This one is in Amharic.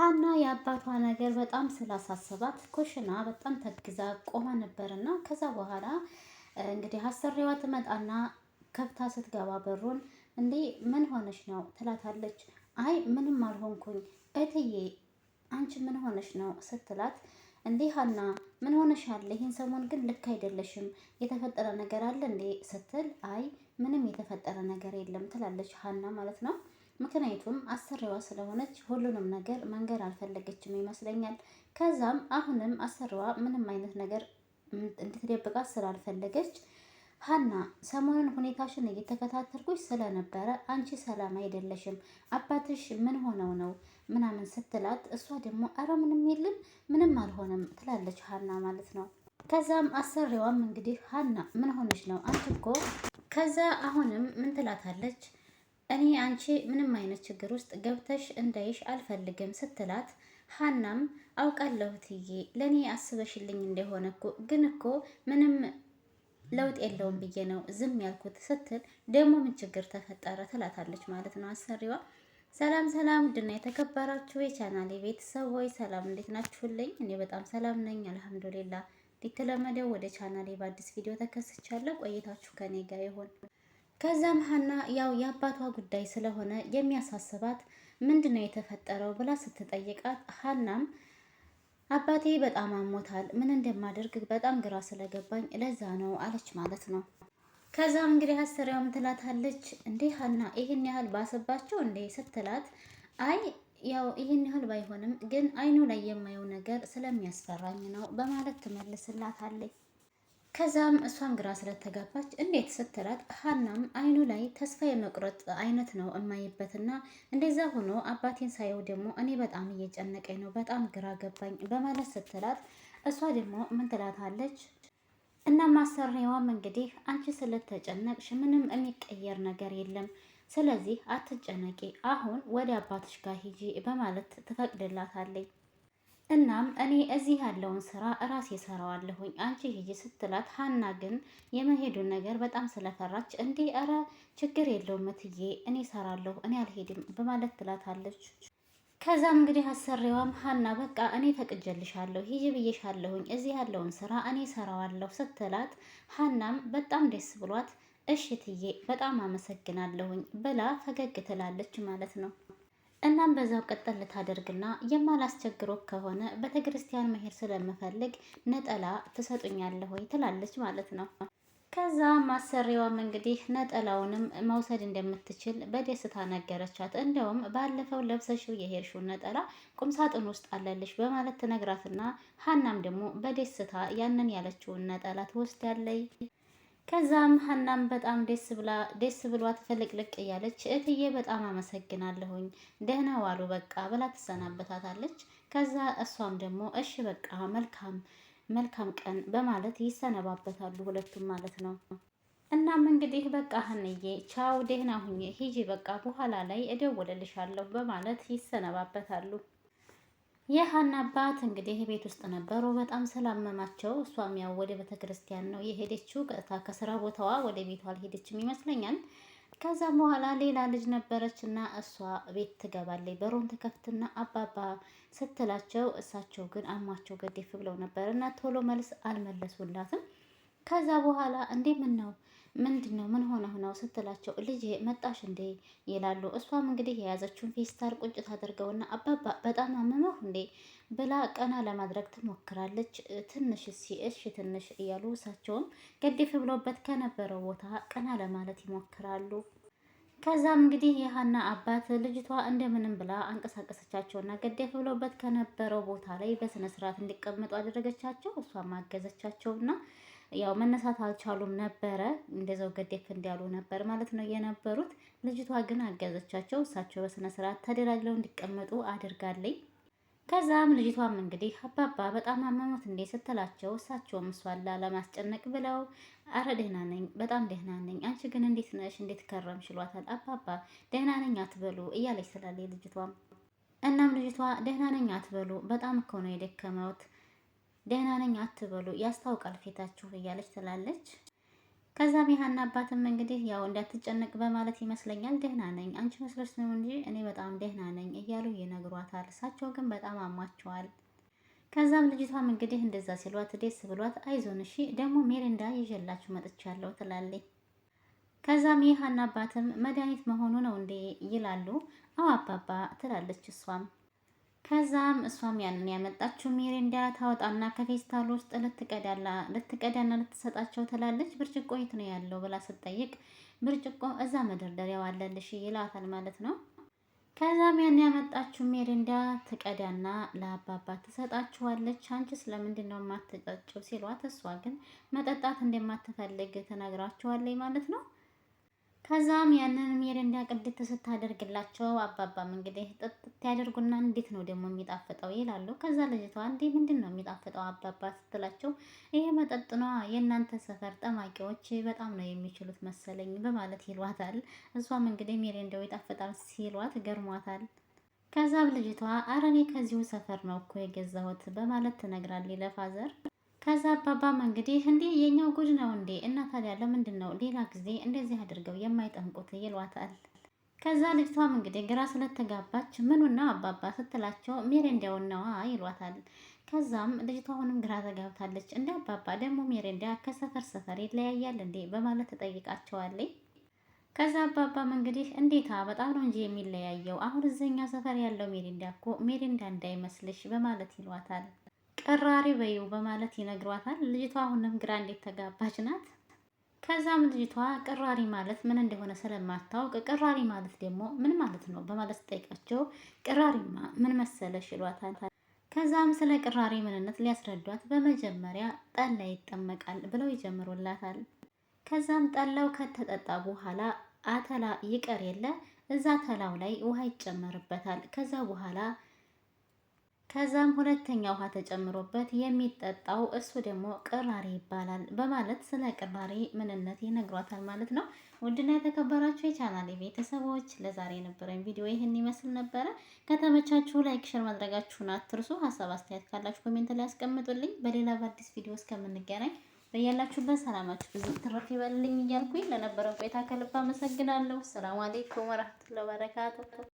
ሀና የአባቷ ነገር በጣም ስላሳሰባት ኩሽና በጣም ተግዛ ቆማ ነበርና ከዛ በኋላ እንግዲህ አሰሪዋ ትመጣና ከፍታ ስትገባ በሩን እንዴ ምን ሆነሽ ነው ትላታለች። አይ ምንም አልሆንኩኝ እትዬ አንቺ ምን ሆነሽ ነው ስትላት፣ እንዴ ሀና ምን አለ ይህን ሰሞን ግን ልክ አይደለሽም። የተፈጠረ ነገር አለ እንዴ ስትል፣ አይ ምንም የተፈጠረ ነገር የለም ትላለች ሀና ማለት ነው። ምክንያቱም አሰሪዋ ስለሆነች ሁሉንም ነገር መንገር አልፈለገችም ይመስለኛል። ከዛም አሁንም አሰሪዋ ምንም አይነት ነገር እንድትደብቃት ስላልፈለገች ሀና ሰሞኑን ሁኔታሽን እየተከታተልኩች ስለነበረ አንቺ ሰላም አይደለሽም፣ አባትሽ ምን ሆነው ነው ምናምን ስትላት፣ እሷ ደግሞ አረ ምንም የለም ምንም አልሆነም ትላለች ሀና ማለት ነው። ከዛም አሰሪዋም እንግዲህ ሀና ምን ሆነች ነው አንቺ እኮ ከዛ አሁንም ምን ትላታለች እኔ አንቺ ምንም አይነት ችግር ውስጥ ገብተሽ እንዳይሽ አልፈልግም ስትላት ሀናም አውቃለሁ ትዬ ለእኔ አስበሽልኝ እንደሆነ እኮ ግን እኮ ምንም ለውጥ የለውም ብዬ ነው ዝም ያልኩት ስትል ደግሞ ምን ችግር ተፈጠረ ትላታለች ማለት ነው አሰሪዋ። ሰላም ሰላም፣ ድና የተከበራችሁ የቻናሌ ቤተሰቦች ሰላም፣ እንዴት ናችሁልኝ? እኔ በጣም ሰላም ነኝ አልሐምዱሊላ። እንደተለመደው ወደ ቻናሌ በአዲስ ቪዲዮ ተከስቻለሁ። ቆይታችሁ ከኔ ጋር ይሆን ከዛም ሀና ያው የአባቷ ጉዳይ ስለሆነ የሚያሳስባት ምንድን ነው የተፈጠረው ብላ ስትጠይቃት ሀናም አባቴ በጣም አሞታል፣ ምን እንደማደርግ በጣም ግራ ስለገባኝ ለዛ ነው አለች ማለት ነው። ከዛም እንግዲህ አሰሪያም ትላታለች እንዴ ሀና ይህን ያህል ባሰባቸው እንዴ ስትላት አይ ያው ይህን ያህል ባይሆንም ግን አይኑ ላይ የማየው ነገር ስለሚያስፈራኝ ነው በማለት ትመልስላታለች። ከዛም እሷም ግራ ስለተጋባች እንዴት ስትላት ሀናም አይኑ ላይ ተስፋ የመቁረጥ አይነት ነው እማይበትና እንደዛ ሆኖ አባቴን ሳየው ደግሞ እኔ በጣም እየጨነቀኝ ነው፣ በጣም ግራ ገባኝ በማለት ስትላት እሷ ደግሞ ምን ትላታለች? እና ማሰሪዋም እንግዲህ አንቺ ስለተጨነቅሽ ምንም የሚቀየር ነገር የለም፣ ስለዚህ አትጨነቂ፣ አሁን ወደ አባትሽ ጋር ሂጂ በማለት ትፈቅድላታለች። እናም እኔ እዚህ ያለውን ስራ እራሴ እሰራዋለሁኝ አንቺ ሂጂ ስትላት፣ ሀና ግን የመሄዱን ነገር በጣም ስለፈራች እንዴ እረ ችግር የለውም እትዬ እኔ እሰራለሁ እኔ አልሄድም በማለት ትላታለች። ከዛም እንግዲህ አሰሪዋም ሀና በቃ እኔ ፈቅጀልሻለሁ ሂጂ ብዬሻለሁኝ እዚህ ያለውን ስራ እኔ እሰራዋለሁ ስትላት፣ ሀናም በጣም ደስ ብሏት እሽትዬ በጣም አመሰግናለሁኝ ብላ ፈገግ ትላለች ማለት ነው። እናም በዛው ቀጠል ልታደርግና የማላስቸግሮ ከሆነ ቤተ ክርስቲያን መሄድ ስለምፈልግ ነጠላ ትሰጡኛለህ ወይ ትላለች ማለት ነው። ከዛ ማሰሪዋም እንግዲህ ነጠላውንም መውሰድ እንደምትችል በደስታ ነገረቻት። እንደውም ባለፈው ለብሰሽው የሄድሽውን ነጠላ ቁምሳጥን ውስጥ አለልሽ በማለት ትነግራትና ሀናም ደግሞ በደስታ ያንን ያለችውን ነጠላ ትወስዳለች። ከዛም ሀናም በጣም ደስ ብላ ደስ ብሏት ፍልቅልቅ እያለች እህትዬ በጣም አመሰግናለሁኝ ደህና ዋሉ በቃ ብላ ትሰናበታታለች። ከዛ እሷም ደግሞ እሺ በቃ መልካም መልካም ቀን በማለት ይሰነባበታሉ ሁለቱም ማለት ነው። እናም እንግዲህ በቃ ሀንዬ ቻው፣ ደህና ሁኚ፣ ሂጂ፣ በቃ በኋላ ላይ እደውልልሻለሁ በማለት ይሰነባበታሉ። የሀና አባት እንግዲህ ቤት ውስጥ ነበሩ። በጣም ስላመማቸው እሷም ያው ወደ ቤተክርስቲያን ነው የሄደችው። ከስራ ቦታዋ ወደ ቤቷ አልሄደችም ይመስለኛል። ከዛም በኋላ ሌላ ልጅ ነበረች እና እሷ ቤት ትገባለች። በሩን ትከፍትና አባባ ስትላቸው እሳቸው ግን አሟቸው ገዴፍ ብለው ነበር እና ቶሎ መልስ አልመለሱላትም። ከዛ በኋላ እንዴ ምን ነው ምንድን ነው ምን ሆነህ ነው ስትላቸው ልጅ መጣሽ እንዴ ይላሉ። እሷም እንግዲህ የያዘችውን ፌስታል ቁጭ ታደርገውና አባባ በጣም አመመሁ እንዴ ብላ ቀና ለማድረግ ትሞክራለች። ትንሽ እሺ ትንሽ እያሉ እሳቸውም ገድፍ ብሎበት ከነበረው ቦታ ቀና ለማለት ይሞክራሉ። ከዛም እንግዲህ የሀና አባት ልጅቷ እንደምንም ብላ አንቀሳቀሰቻቸውና ገደፍ ብሎበት ከነበረው ቦታ ላይ በስነ ስርዓት እንዲቀመጡ አደረገቻቸው። እሷም አገዘቻቸውና ያው መነሳት አልቻሉም ነበረ። እንደዛው ገደፍ እንዲያሉ ነበር ማለት ነው የነበሩት። ልጅቷ ግን አገዘቻቸው። እሳቸው በስነ ስርዓት ተደራጅለው እንዲቀመጡ አድርጋለኝ። ከዛም ልጅቷም እንግዲህ አባባ በጣም አመሞት እንዴ ስትላቸው እሳቸውም እሷላ ለማስጨነቅ ብለው አረ ደህና ነኝ፣ በጣም ደህና ነኝ፣ አንቺ ግን እንዴት ነሽ? እንዴት ከረምሽ? ይሏታል። አባባ ደህና ነኝ አትበሉ እያለች ስላለ ልጅቷም እናም ልጅቷ ደህና ነኝ አትበሉ፣ በጣም እኮ ነው የደከመውት ደህና ነኝ አትበሉ ያስታውቃል ፊታችሁ እያለች ትላለች። ከዛ ቢሃና አባትም እንግዲህ ያው እንዳትጨነቅ በማለት ይመስለኛል ደህና ነኝ አንቺ መስሎች ነው እንጂ እኔ በጣም ደህና ነኝ እያሉ ይነግሯታል። እሳቸው ግን በጣም አሟቸዋል። ከዛም ልጅቷም እንግዲህ እንደዛ ሲሏት ደስ ብሏት አይዞን እሺ ደግሞ ሜሪንዳ ይዤላችሁ መጥቻለሁ ትላለች። ከዛም ይህ አናባትም መድኃኒት መሆኑ ነው እንዴ ይላሉ። አዎ አባባ ትላለች እሷም ከዛም እሷም ያንን ያመጣችው ሚሪንዳ ታወጣና ከፌስታል ውስጥ ልትቀዳና ልትሰጣቸው ትላለች። ብርጭቆ የት ነው ያለው ብላ ስትጠይቅ ብርጭቆ እዛ መደርደሪያው አለልሽ ይላታል ማለት ነው። ከዛም ያን ያመጣችው ሚሪንዳ ትቀዳና ለአባባ ትሰጣችኋለች። አንቺ ስለምንድን ነው የማትጠጪው ሲሏት፣ እሷ ግን መጠጣት እንደማትፈልግ ትነግራችኋለች ማለት ነው። ከዛም ያንን ሜሪንዳ ቅድት ስታደርግላቸው አባባም እንግዲህ ጥጥት ያደርጉና እንዴት ነው ደግሞ የሚጣፍጠው ይላሉ። ከዛ ልጅቷ እንዴ ምንድን ነው የሚጣፍጠው አባባ ስትላቸው ይሄ መጠጥ ነው የእናንተ ሰፈር ጠማቂዎች በጣም ነው የሚችሉት መሰለኝ በማለት ይሏታል። እሷም እንግዲህ ሜሪንዳው ይጣፍጣል ሲሏት ገርሟታል። ከዛም ልጅቷ አረኔ ከዚሁ ሰፈር ነው እኮ የገዛሁት በማለት ትነግራለች ለፋዘር ከዛ አባባም እንግዲህ እንዴ የኛው ጉድ ነው እንዴ እና ታዲያ ለምንድን ነው ሌላ ጊዜ እንደዚህ አድርገው የማይጠምቁት ይሏታል። ከዛ ልጅቷም እንግዲህ ግራ ስለተጋባች ምኑና አባባ ስትላቸው ሜሬንዳውን ነዋ ይሏታል። ከዛም ልጅቷ አሁንም ግራ ተጋብታለች። እንደ አባባ ደግሞ ሜሬንዳ ከሰፈር ሰፈር ይለያያል እንዴ በማለት ትጠይቃቸዋለች። ከዛ አባባም እንግዲህ እንዴታ በጣም ነው እንጂ የሚለያየው አሁን እዚህኛ ሰፈር ያለው ሜሬንዳ እኮ ሜሬንዳ እንዳይመስልሽ በማለት ይሏታል። ቀራሪ በይው በማለት ይነግሯታል። ልጅቷ አሁንም ግራ እንዴት ተጋባች ናት። ከዛም ልጅቷ ቅራሪ ማለት ምን እንደሆነ ስለማታውቅ ቅራሪ ማለት ደግሞ ምን ማለት ነው በማለት ስጠይቃቸው ቅራሪማ ምን መሰለሽ ይሏታል። ከዛም ስለ ቅራሪ ምንነት ሊያስረዷት በመጀመሪያ ጠላ ይጠመቃል ብለው ይጀምሩላታል። ከዛም ጠላው ከተጠጣ በኋላ አተላ ይቀር የለ እዛ ተላው ላይ ውሃ ይጨመርበታል። ከዛ በኋላ ከዛም ሁለተኛ ውሃ ተጨምሮበት የሚጠጣው እሱ ደግሞ ቅራሬ ይባላል በማለት ስለ ቅራሬ ምንነት ይነግሯታል ማለት ነው። ውድና የተከበራችሁ የቻናሌ ቤተሰቦች ለዛሬ የነበረን ቪዲዮ ይህን ይመስል ነበረ። ከተመቻችሁ ላይክ፣ ሸር ማድረጋችሁን አትርሱ። ሀሳብ አስተያየት ካላችሁ ኮሜንት ላይ ያስቀምጡልኝ። በሌላ በአዲስ ቪዲዮ እስከምንገናኝ በያላችሁበት ሰላማችሁ ብዙ ትረፍ ይበልልኝ እያልኩኝ ለነበረን ቆይታ ከልብ አመሰግናለሁ። ሰላም አሌይኩም ወረህመቱላሂ ወበረካቱሁ